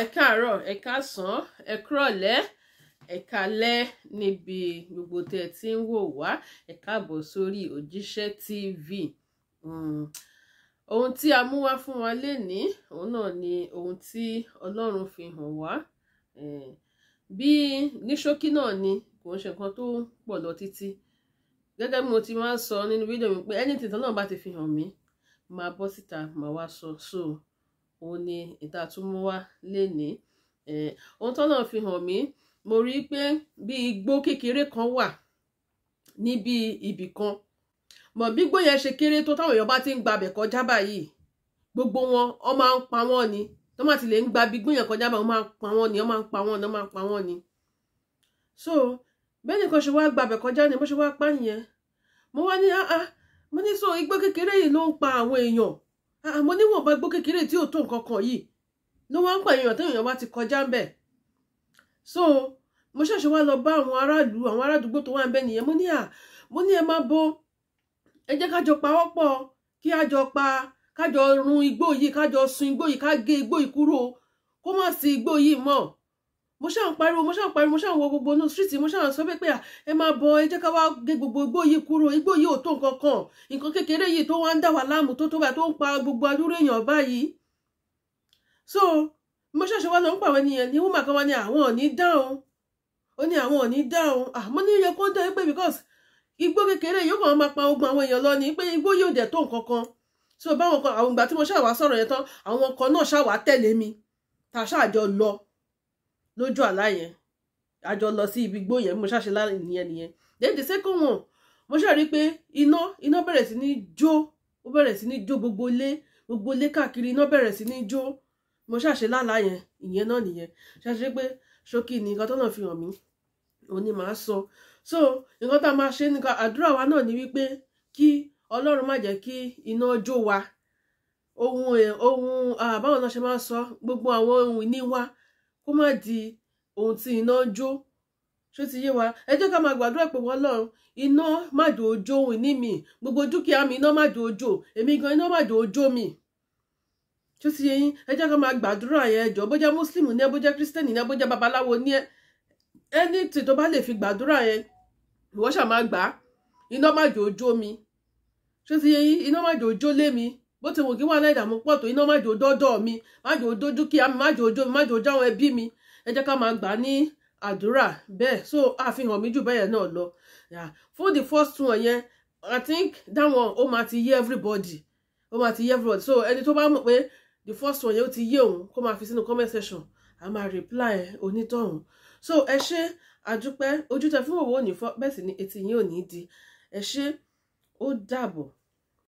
ẹ káàárọ̀ ẹ káàsán ẹ kúrọ̀lẹ́ ẹ kálẹ́ níbi gbogbo tẹ ẹ ti ń wò wá ẹ káàbọ̀ sórí Òjíṣẹ́ TV hmm, ohun tí a mú wá fún wa lénìí òun náà ni ohun tí Ọlọ́run fi hàn wá hmm, bí ní ṣókí náà ni kò ń ṣe nǹkan tó pọ̀ lọ títí gẹ́gẹ́ bí mo ti máa ń sọ nínú fídíò mi pé anything tí Ọlọ́run bá ti fi hàn mí máa bọ́ síta máa wá sọ so. so òun ni ìtàtúmúwá lénìí ohun tó náà fi hàn mí mo rí i pé bí igbó kékeré kan wà níbi ibì kan mọ̀ bí igbó yẹn ṣe kéré tó táwọn èèyàn bá ti ń gbabẹ̀ kọjá báyìí gbogbo wọn ọ máa ń pa wọ́n ni tó má ti lè ń gba bí igbó yẹn kọjá báyìí wọ́n máa ń pa wọ́n ni wọ́n máa ń pa wọ́n ni wọ́n máa ń pa wọ́n ni. so bẹ́ẹ̀ nìkan ṣe wá gbabẹ̀ kọjá ni bó ṣe wá pa nìyẹn mo wá ní ah ah mo ní so igbó kékeré yìí ló ń pa àwọn èèyàn àmọ́ ah, níwọ̀nba igbó kékeré tí ò tó nǹkan kan yìí ló wá ń pa èèyàn téèyàn bá ti kọjá ń bẹ̀ so mo ṣẹ̀ṣẹ̀ wá lọ bá àwọn aráàlú àwọn arádùúgbò tó wà ń bẹ̀ nìyẹn mo ní à mo ní ẹ má bo ẹ jẹ́ kájọ pawọ́pọ̀ kí àjọ pa kájọ run igbó yìí kájọ sun igbó yìí ká gé igbó yìí kúrò kó má sí igbó yìí mọ́ mo ṣáà ń pariwo mo ṣáà ń pariwo mo ṣáà ń wọ gbogbo inú street mo ṣáà ń sọ pé ẹ máa bọ ẹ jẹ́ ká wá gé gbogbo igbó yìí kúrò igbó yìí ò tó nǹkan kan nǹkan kékeré yìí tó wá ń dà wá láàmú tó tó bá tó ń pa gbogbo adúrú èèyàn báyìí so mo ṣàṣẹ wá lọ ń pàwọn ènìyàn ní wúmà kan wá ní àwọn ò ní dáhùn ó ní àwọn ò ní Ah, àmọ́ ní iye kó dáhùn pé because igbó kékeré yóò kàn máa pa ogun àwọn èèyàn lọ ni pé igbó yóò dẹ̀ tó nǹkan kan so báwọn kan àwọn ìgbà tí mo ṣàwá sọ̀rọ̀ yẹn tán àwọn kan náà ṣàwá tẹ̀lé mi tá a ṣáà jọ lọ lójú àlá yẹn a jọ lọ sí ibi igbó yẹn mo ṣàṣe láàrin nìyẹn nìyẹn then the second one mo ṣàrí pé iná iná bẹ̀rẹ̀ sí ní jó ó bẹ̀rẹ̀ sí ní jó gbogbo ilé gbogbo ilé káàkiri iná bẹ̀rẹ̀ sí ní jó mo ṣàṣe lálá yẹn ìyẹn náà nìyẹn ṣàṣe pé ṣókí ni nǹkan tọ́nà fi hàn mí òun ni màá sọ so nǹkan tá a máa ṣe nǹkan àdúrà wa náà ni wípé kí ọlọ́run má jẹ́ kí iná jó wa ohun ohun àbáwọn náà ṣe máa sọ gbogbo àwọn ohun ìní wa kó má di ohun tí iná ń jó ṣó ti yé wa ẹ jẹ́ ká máa gbàdúrà pé wọ́n lọ́run iná má dò ojó ohun ìní mi gbogbo dúkìá mi iná má dò ojó èmi gan iná má dò ojó mi ṣó ti yé yín ẹ jẹ́ ká máa gbàdúrà yẹn ẹjọ́ bójá mùsùlùmù ní ẹ bójá kírísítẹ́nì ní ẹ bójá babaláwo ní ẹ ẹni tí tó bá lè fi gbàdúrà yẹn ìwọ ṣà máa gbà iná má dò ojó mi ṣó ti yé yín iná má dò ojó lé mi bó ti wù kí wàhálà ìdààmú pọ̀ tó iná májò dọ́dọ̀ mi májò dó dúkìá mi májò jó mi májò jáwọn ẹbí mi ẹ jẹ́ ká máa gbà á ní àdúrà bẹ́ẹ̀ so àfihàn mi jù bẹ́yẹn náà lọ fún the first one yẹn i think that one ó máa ti yé everybody ó máa ti yé everybody so ẹni tó bá mọ̀ pé the first one yẹn ó ti yé òun kó máa fi sínú comment section a máa reply onítọ̀hún so ẹ ṣé àdúpẹ́ ojú tẹ fún òwò òní fọ́ bẹ́ẹ̀ sì ni etí yín ò ní di ẹ ṣé ó dàbọ̀.